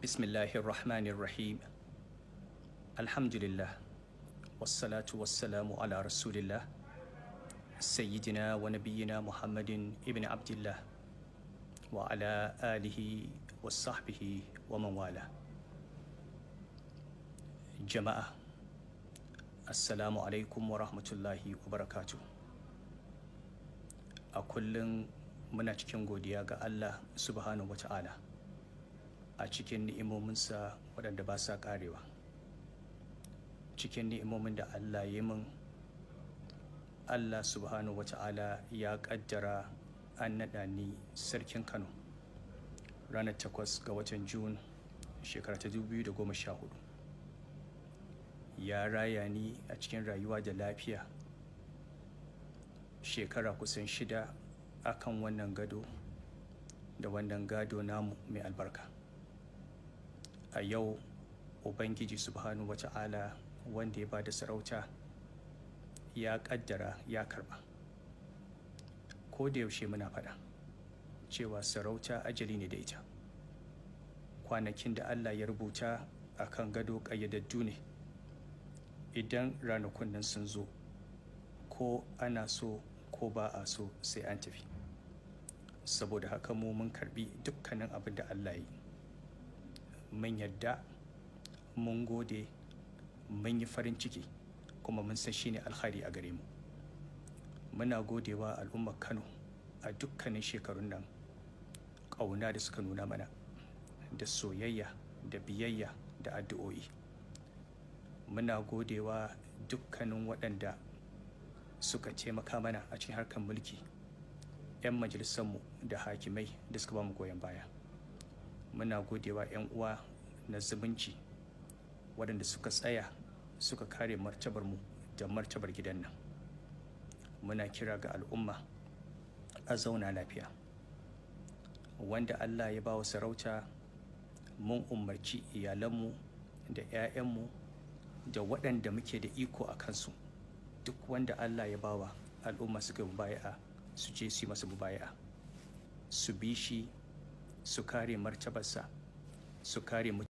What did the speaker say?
بسم الله الرحمن الرحيم الحمد لله والصلاة والسلام على رسول الله سيدنا ونبينا محمد ابن عبد الله وعلى آله وصحبه ومن والاه جماعة السلام عليكم ورحمة الله وبركاته أكل من أتكلم قد الله سبحانه وتعالى a cikin ni'imominsa waɗanda ba sa ƙarewa cikin ni'imomin da allah yi min allah subhanahu wa ta'ala ya ƙaddara an naɗa ni sarkin kano ranar 8 ga watan jun shekara ta 2014 ya raya ni a cikin rayuwa da lafiya shekara kusan shida akan wannan gado da wannan gado namu mai albarka a yau ubangiji subhanu wa ta'ala wanda ya ba da sarauta ya kaddara ya karba ko da yaushe muna faɗa cewa sarauta ajali ne da ita kwanakin da allah ya rubuta a kan gado ƙayyadaddu ne idan ranakun nan sun zo ko ana so ko ba a so sai an tafi saboda haka mu mun karbi dukkanin abin da allah ya yi mun yadda mun gode mun yi farin ciki kuma mun san shine alkhari a gare mu muna godewa al'ummar kano a dukkanin shekarun nan ƙauna da suka nuna mana da soyayya da biyayya da addu'o'i muna godewa dukkanin waɗanda suka taimaka mana a cikin harkar mulki 'yan majalisarmu da hakimai da suka ba mu goyon baya muna godewa 'yan uwa na zumunci waɗanda suka tsaya suka kare martabar mu da martabar gidan nan muna kira ga al'umma a zauna lafiya wanda allah ya ba wa sarauta mun umarci iyalanmu da 'ya'yanmu da waɗanda muke da iko a kansu duk wanda allah ya ba wa al'umma suka mubaya'a su je su yi masa mubaya'a su bi shi su kare martabarsa su kare